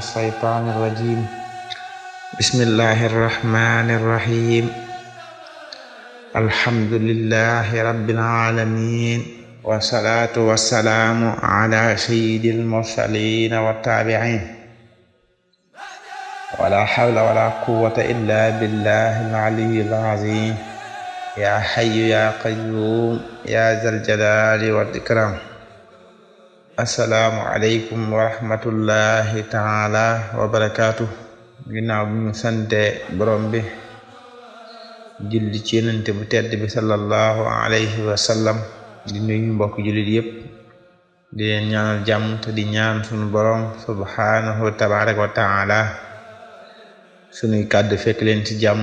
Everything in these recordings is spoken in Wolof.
الشيطان الرجيم بسم الله الرحمن الرحيم الحمد لله رب العالمين والصلاة والسلام على سيد المرسلين والتابعين ولا حول ولا قوة إلا بالله العلي العظيم يا حي يا قيوم يا ذا الجلال والإكرام asalaamu aleykum wa rahmatullahi taala wa barakaatu ginnaaw bi sante borom bi julli ci yenente bu tedd bi sallallahu alayhi wa di nuyu mbokk jullit yépp di leen ñaanal jàmm te di ñaan sunu borom subhaanahu tabaraka wa taala sunuy kàddu fekk leen ci jàmm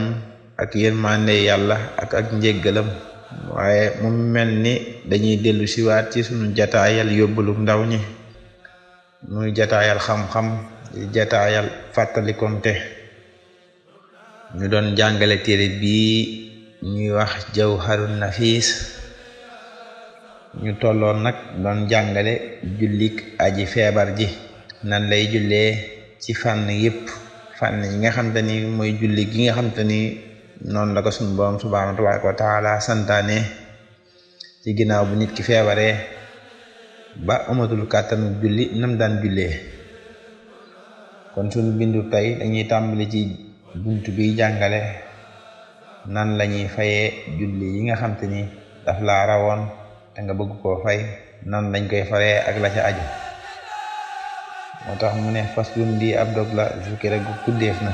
ak yërmande yàlla ak ak njéggalam waaye mu mel ni dañuy dellu siwaat ci suñu jataayal yóbbalu ndaw ñi muy jataayal xam-xam jataayal fàttalikonte ñu doon jàngale téere bi ñuy wax jaw jawharun nafis ñu tolloon nag doon jàngale jullik aji feebar ji nan lay jullee ci fànn yëpp fànn yi nga xam mooy julli gi nga xam ni noonu la ko suñu boom subhaanahu tabaaraka wa taala santaane ci ginnaaw bu nit ki feebaree ba amatul kàttanu julli nam daan jullee kon suñu bindu tey lañuy tàmbali ci bunt bi jàngale nan lañuy fayee julli yi nga xam ni daf laa rawoon te nga bëgg koo fay nan lañ koy faree ak la ca aju moo tax mu ne fas lun di ab dog la fukki rek guddeef na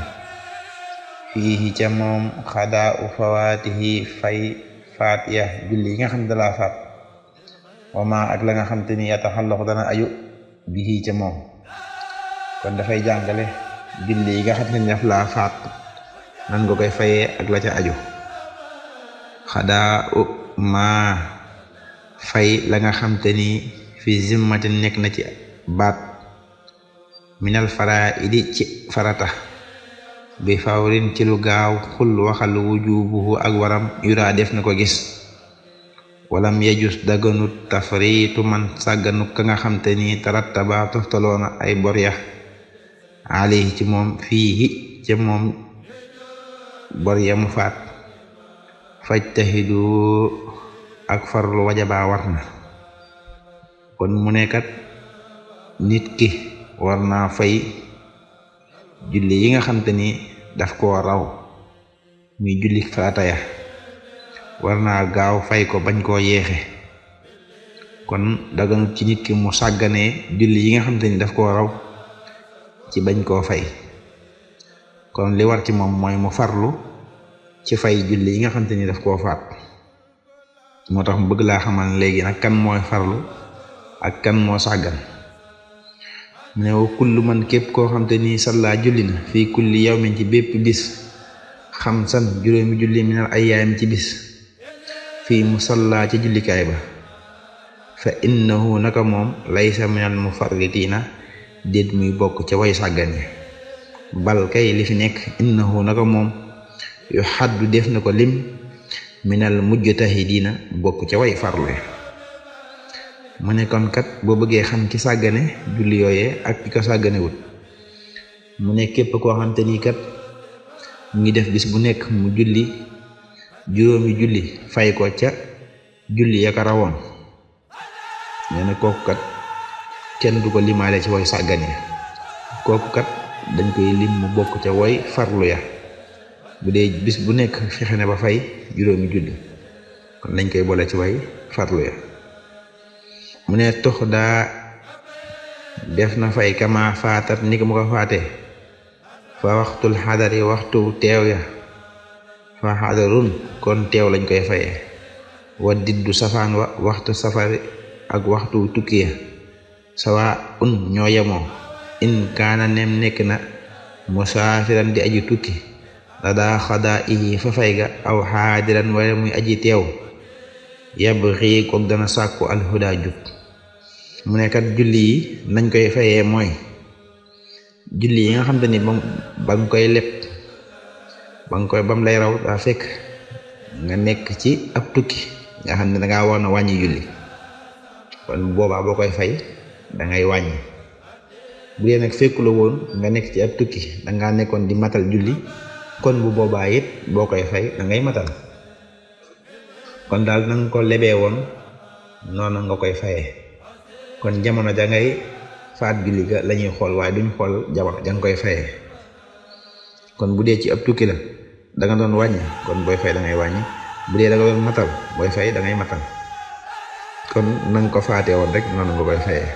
fiihi ca moom xadaa u fawaatihi fay faatiya julli yi nga xam ne dalaa faat wama ak la nga xam te ni yataxallaq dana ayu bihi ca moom kon dafay jàngale julli yi nga xam ne daf laa faat nan nga koy fayee ak la ca aju xadaa u maa fay la nga xam te ni fi zimmatin nekk na ci baat minal faraidi ci farata bi fawrin ci lu gaaw xul waxal wujubuhu ak waram yuraa def na ko gis walam yejus daganut tafriitu man sàgganut ka nga xam te ni tarattaba toftaloona ay bor ya alayhi ci moom fiihi ca moom bor mu faat fajtahidu ak farlu wajaba war na kon mu nit ki war fay julli yi nga xamante ni daf koo raw muy julli faataya war naa gaaw fay ko bañ koo yéexe kon daganut ci nit ki mu sàgganee julli yi nga xamante ni daf koo raw ci bañ koo fay kon li war ci moom mooy mu farlu ci fay julli yi nga xamante ni daf koo faat moo tax mu bëgg laa xamal léegi nag kan mooy farlu ak kan moo sàggan mu ne wa kullu man képp koo xam ni sallaa julli na fii kulli yawmin ci bépp bis xam san juróomi julli minal ayyaam ci bis fii mu sallaa ci jullikaay ba fa innahu naka moom laysa minal mufarritiina déet muy bokk ca way sàggane bal kay li fi nekk innahu naka moom yu xaddu def na ko lim yi mujtahidiina bokk ca way farle mu ne kon kat boo bëggee xam ci sàggane julli yooyee ak ki ko sàgganewut mu ne képp koo xamante ni kat mu ngi def bis bu nekk mu julli juróomi julli fay ko ca julli ya ko rawoon nee na kooku kenn du ko limaale ci woy sàggane kooku kat dañ koy lim mu bokk ca woy farlu ya bu dee bis bu nekk fexe na ba fay juróomi julli kon dañ koy boole ci woy farlu ya mu ne tox daa def na fay kama faatat ni mu ko faate fa waxtul xadari waxtu teew ya fa xadarun kon teew lañ koy faye wa diddu safaan wa waxtu safari ak waxtu tukki ya sawa un ñoo yemoo in kaana nem nekk na musaafiran di aji tukki la daa xadaa fa fay ga aw xaadiran wala muy aji teew yabxi kook dana sàkku alhuda mu nekkat julli yi nañ koy fayee mooy julli yi nga xam te ni ba ba koy leb ba koy ba mu lay raw daa fekk nga nekk ci ab tukki nga xam ne danga war na wàññi julli kon boobaa boo koy fay dangay wàññi bu dee nag fekku la woon nga nekk ci ab tukki dangaa nekkoon di matal julli kon bu boobaa it boo koy fay dangay matal kon daal na nga ko lebee woon noonu nga koy fayee kon jamono ja ngay faat julli ga la ñuy xool waaye duñ xool jamono ja koy fayee kon bu dee ci ab tukki la danga nga doon wàññi kon booy fay da ngay wàññi bu dee da doon matal booy fay dangay ngay matal kon na ko faatee woon rek noonu nga koy fayee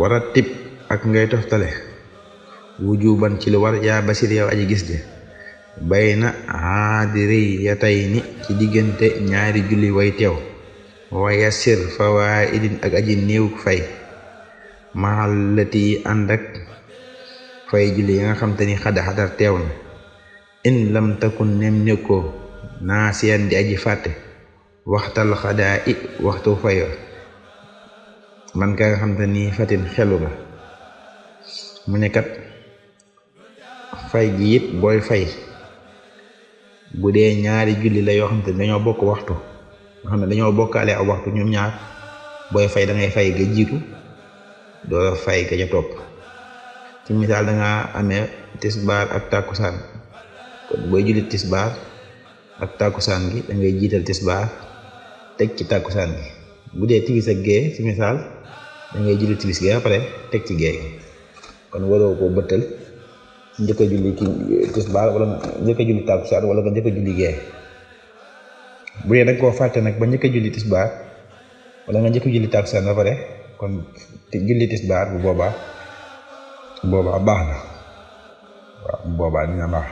war a ak ngay toftale wujuban ci lu war yaa basir yow aji gis de bayna haadiriyatayni ci diggante ñaari julli way teew wa yasir fawaidin ak aji néew fay maxallati ànd ak fay julli yi nga xam te ni xada xadar teew na in lam takun nem nekkoo naasiyan di aji fàtte waxtal xadaa i waxtu fayo man ka nga xam ni fatin xelu na mu ne fay gi it booy fay bu dee ñaari julli la yoo xam te ne dañoo bokk waxtu nga xam ne dañoo bokkaale aw waxtu ñoom ñaar booy fay dangay fay ga jiitu doo fay ga ca topp ci misaal da tisbaar ak takkusaan kon booy julli tisbaar ak takkusaan gi da ngay jiital tisbaar teg ci tàkkusaan gi bu dee timis ak gee ci misaal da ngay julli timis gi après teg ci gee kon waroo ko bëttal njëkk a julli ki tisbaar wala njëkk wala nga njëkk a julli gee bu dee da koo fàtte nag ba njëkk a julli tisbaar wala nga njëkk a julli takkusaan ba pare kon julli tisbaar bu boobaa boobaa baax na waaw bu boobaa dina baax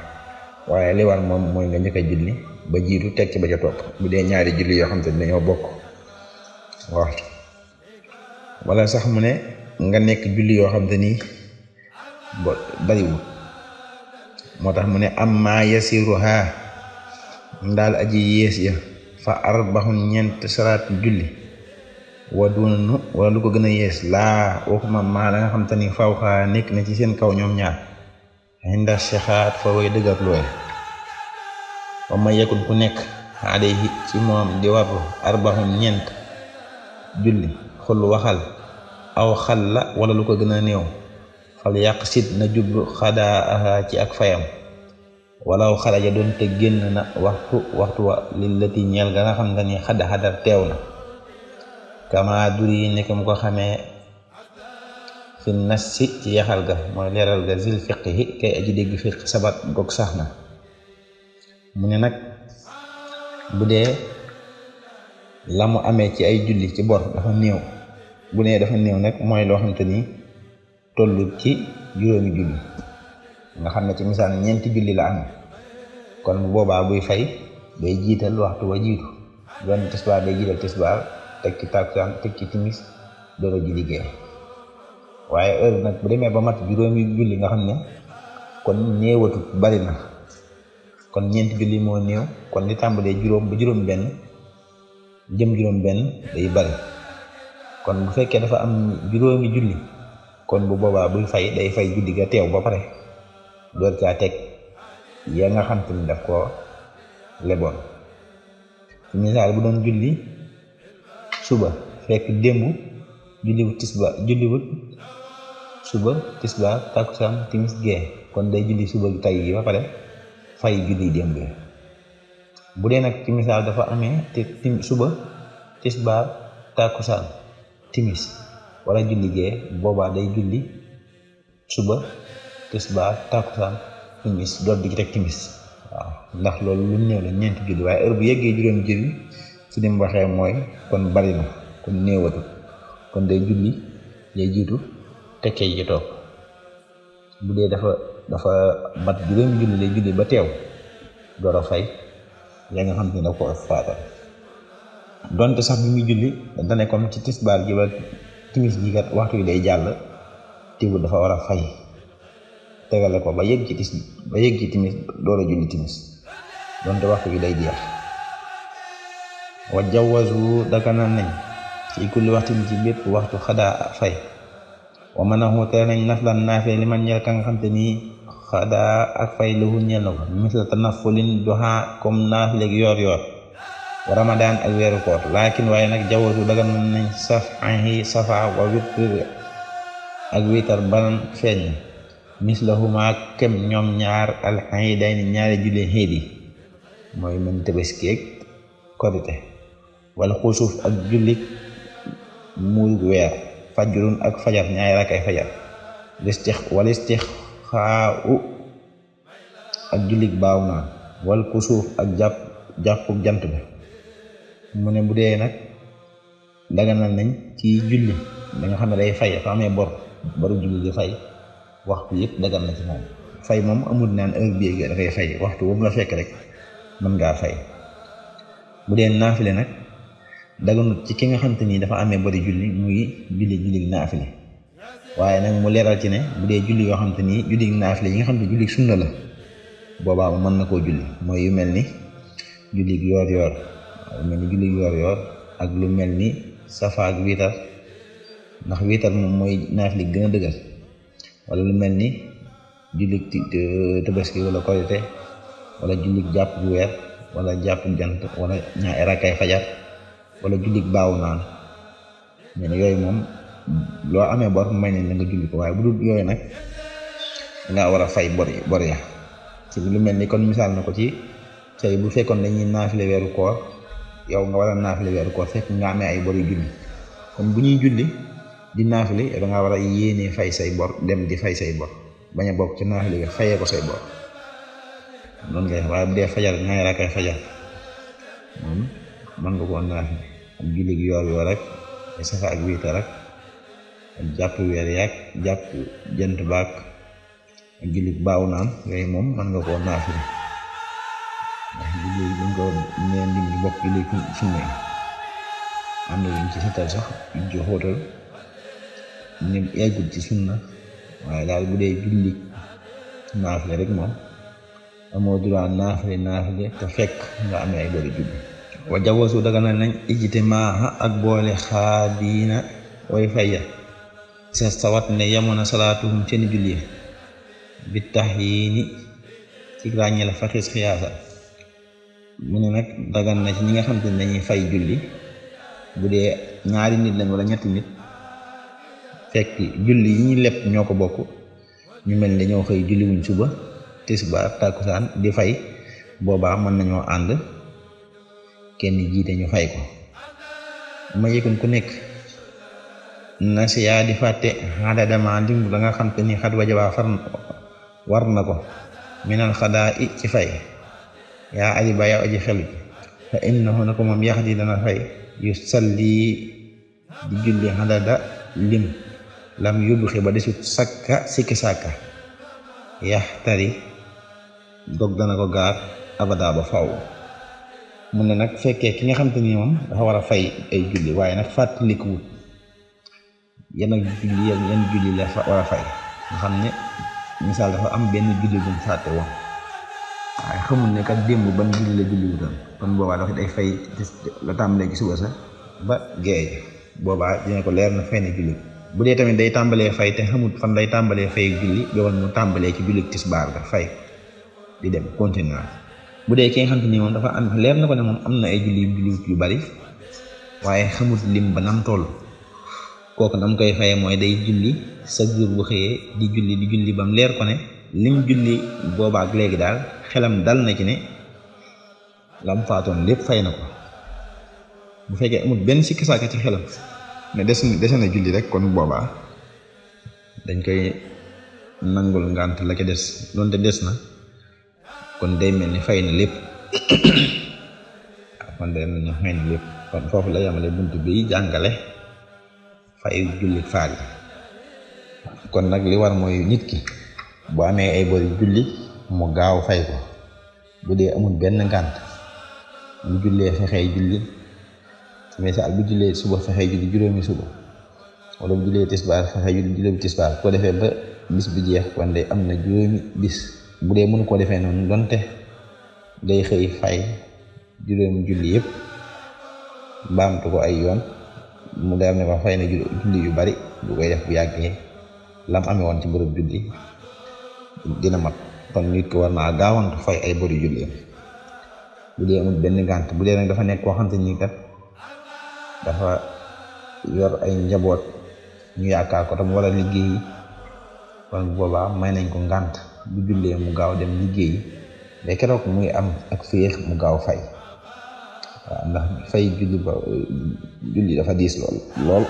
waaye li war moom mooy nga njëkk a julli ba jiitu teg ci ba ca topp bu dee ñaari julli yoo xam te ne dañoo bokk waaw wala sax mu ne nga nekk julli yoo xam te ni bariwul moo tax mu ne amma yasiruha ndaal aji yées ya fa arbaxun ñeent salaat julli wa duna wala lu ko gën a yees laa waxuma maa la nga xam te faw xaa nekk na ci seen kaw ñoom ñaar inda sexaat fa way dëggat looy wa ma yekkul ku nekk alayhi ci moom di war arbaxun ñeent julli xul waxal aw xal la wala lu ko gën a néew yàq sit na jublu xadaaha ci ak fayam walaw xaraja doon te génn na waxtu waxtu wa lillati ñeel ga nga xam ne ni xada xadar teew na kama nekk mu ko xamee fi nas si ci yaxal ga mooy leeral ga zil fiqhi kay aji dégg fiq sabat gog sax na mu ne nag bu dee la mu amee ci ay julli ci bor dafa néew bu nee dafa néew nag mooy loo xam te nii tollu ci juróomi julli nga xam ne ci misaal ñeenti julli la am kon bu boobaa buy fay day jiital waxtu wa jiitu doon tisbaar day jiital tisbaar teg ci takusaan teg ci timis doora julli gee waaye heure nag bu demee ba mat juróomi julli nga xam ne kon néewatut bari na kon ñeenti julli moo néew kon li tàmbalee juróom ba juróom benn jëm juróom benn day bari kon bu fekkee dafa am juróomi julli kon bu boobaa buy fay day fay guddi ga teew ba pare door caa teg ya nga xam te ni daf koo leboon ci misaal bu doon julli suba fekk démb julliwut tisba julliwut suba tisba timis gee kon day julli suba tay yi ba julli bu dee nag ci dafa amee suba tisba takusaan timis wala julli gee boobaa day julli suba tisbaar takkusaan timis doot di ci teg timis waaw ndax loolu lu néew la ñeenti julli waaye heure bu yeggee juróomi julli ci ni mu waxee mooy kon bari na kon néewatu kon day julli day jiitu tekkee ji toog bu dee dafa dafa mat juróomi julli day julli ba teew door a fay yaa ngi xam ne da ko faatal donte sax bi muy julli dane ci tisbaar ji timis ji kat waxtu wi day jàll teewul dafa war a fay tegale ko ba yëg ci tis ba yëg ci timis door a julli timis donte waxtu wi day jeex wa jawazu daganal nañ ci kulli waxtin ci bépp waxtu xadaa fay wa mën a xuutee nañ naflan naafee li man ñeel nga xam te nii xadaa ak fay lu ñeel na ko misla tanafulin duha comme naaf léegi yoor yoor wa ramadan ak weeru koor waaye nag jawatu dagan nañ safahi safa wa witr ak witar banan feeñ mislahuma kem ñoom ñaar alxayidayni ñaari julli xiid yi mooy mën tëbaskeeg korite wala xusuuf ak julli muy weer fajrun ak fajar ñaari rakay fajar listix wala istixaau ak jullig baaw naa wal kusuuf ak jàpp jàppu jant bi mu ne bu dee nag daganal nañ ci julli da xam ne day fay dafa amee bor baru julli di fay waxtu yëpp dagan na ci moom fay moom amul naan heure bii da fay waxtu boobu la fekk rek mën ngaa fay bu dee naafile nag daganut ci ki nga xam te ni dafa amee bari julli muy julli julli naafile waaye nag mu leeral ci ne bu dee julli yoo xam te ni julli naafile yi nga xam ne julli sunna la boobaa mën na koo julli mooy yu mel ni julli yoor yoor mel ni julli yoor yoor ak lu mel ni safa ak ndax wiitar moom mooy naafila gi gën a dëgër wala lu mel ni julli tabaski wala korite wala julli jàpp bu weer walla jàpp jant wala ñaari rakkay fajar wala julli baawu naan mel ni yooyu moom loo amee bor may nañ la nga julli ko waaye bu dul yooyu nag nga war fay bor bor ya ci lu mel ni kon misaal na ko ci tey bu fekkoon dañuy naafile weeru koor yow nga war a naafile weeru koor fekk nga amee ay bor yu julli kon bu ñuy julli di naafile da ngaa war a yéenee fay say bor dem di fay say bor bañ a bokk ci naafile bi fayee ko say bor noonu ngay waaye bu hmm, mën nga koo naafile ak julli gi yoor yoor rek weer yaag jàpp jant baak julli baaw naan yooyu moom mën nga koo naafile ndax liggéey bi nga nee nit ñi bokk ci léegi sunna yi am na luñ ci setal sax luñ ci xóotal daal bu dee julli naafile rek moom amoo droit naafile naafile te fekk nga amee ay bëri julli wa jawasu daga na nañ ijtimaaha ak boole xaadiina way fayya sa sawat ne yamoon a salaatuhum seen julli bi tax yi ni ci ràññee la faxis xiyaasa mu ne nag dagan na ci ñi nga xam te ne dañuy fay julli bu dee ñaari nit lañ wala ñetti nit fekk julli yi ñu lepp ñoo ko bokk ñu mel ne ñoo xëy julli wuñ suba tisbaar takkusaan di fay boobaa mën nañoo ànd kenn jiite ñu fay ko ma yëkun ku nekk na di fàtte xaada dama dimb la nga xam te ni xat wajaba far war na ko minal xadaa i ci fay yaa ajiba yaa aji xel ji fa ko moom yaxdi dana fay yu salli di julli xadada lim lam yubxi ba desut sakka sikki yaxtari dog dana ko gaar abada faw mu na nag fekkee ki nga xam te moom dafa war a fay ay julli waaye nag fàttalikuwut yan ak julli yan julli la war a fay nga xam ne misaal dafa am benn julli bu fàtte woon waaye xamul ne kat démb ban julli la julli wutoon kon boobaa dafa day fay la tàmbalee ci suba sa ba géej boobaa dina ko leer na fay na julli bu dee tamit day tàmbalee fay xamul fan lay tàmbalee fay julli yowoon tàmbalee ci julli tisbaar ga fay di dem continuer bu dee ki ni moom dafa am leer na ko ne moom am na ay julli julli yu bari waaye xamut lim ba nam toll kooku nam koy faye mooy day julli sa jur bu xëyee di julli di julli bam leer ko ne lim julli boobaak léegi daal xelam dal na ci ne lam faatoon lépp fay na ko bu fekkee amul benn sikki sàkk ci xelam ne des dese na julli rek kon boobaa dañ koy nangul ngànt la ca des doonte des na kon day mel ni fay na lépp waaw kon day mel ni fay na lépp kon foofu la yamale bunt bi jàngale fay jullit faar yi kon nag li war mooy nit ki bu amee ay bor yu julli mu gaaw fay ko bu dee amul benn ngànt bu jullee fexee julli misaal bu jullee suba fexee julli juróomi suba wala bu jullee tisbaar fexee julli juróomi tisbaar ko defee ba bis bi jeex kon de am na juróomi bis bu dee mënu koo defee noonu donte day xëy fay juróomi julli yëpp baamtu ko ay yoon mu daal ne ma fay na julli yu bari du koy def bu yàggee lam amee woon ci bërëb julli dina mat kon nit ki war naa gaawantu fay ay bëri julleem bu dee amul benn gànt bu dee nag dafa nekk koo xam te ni kat dafa yor ay njaboot ñu yaakaar ko tam wala liggéeyi kon may nañ ko ngànt bu jullee mu gaaw dem liggéeyi day keroog muy am ak féex mu gaaw fay fay julli ba dafa diis lool lool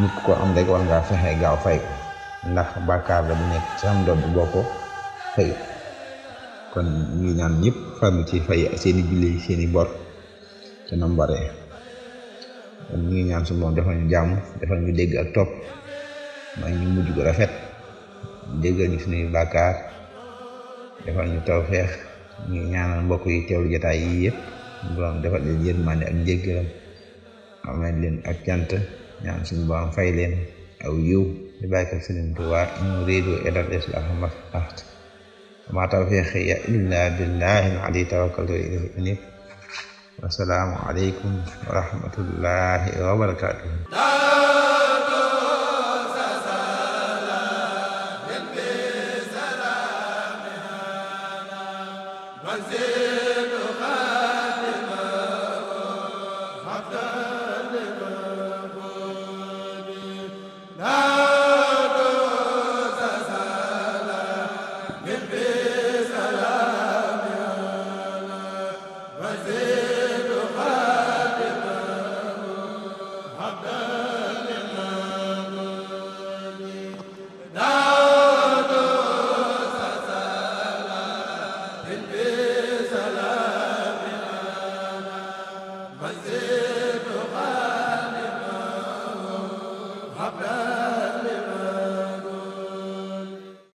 nit ko am rek war ngaa fexe gaaw fay ndax bàkkaar la bu nekk ci am fay kon ñu ñaan ñëpp ci fay seeni julli seeni bor te na mu baree kon ñu ngi ñaan su moom defal ñu jàmm defal ñu dégg ak topp ñu mujj gu rafet déggal ñu suñuy bàkkaar defal ñu tawfeex ñu ñaanal mbokk yi teewlu jotaay yi yëpp borom defal leen yërmande ak njéggalam amal leen ak cant ñaan suñu borom fay leen aw yiw ci barkeb Sëriñ Tuubaa in uriidu illal islaaha mastata'tu wa maa tawfiiqii illaa billaahil alayhi tawakkaltu wa ilayhi uniib wassalaamu aleykum wa rahmatullaahi wa barakaatuh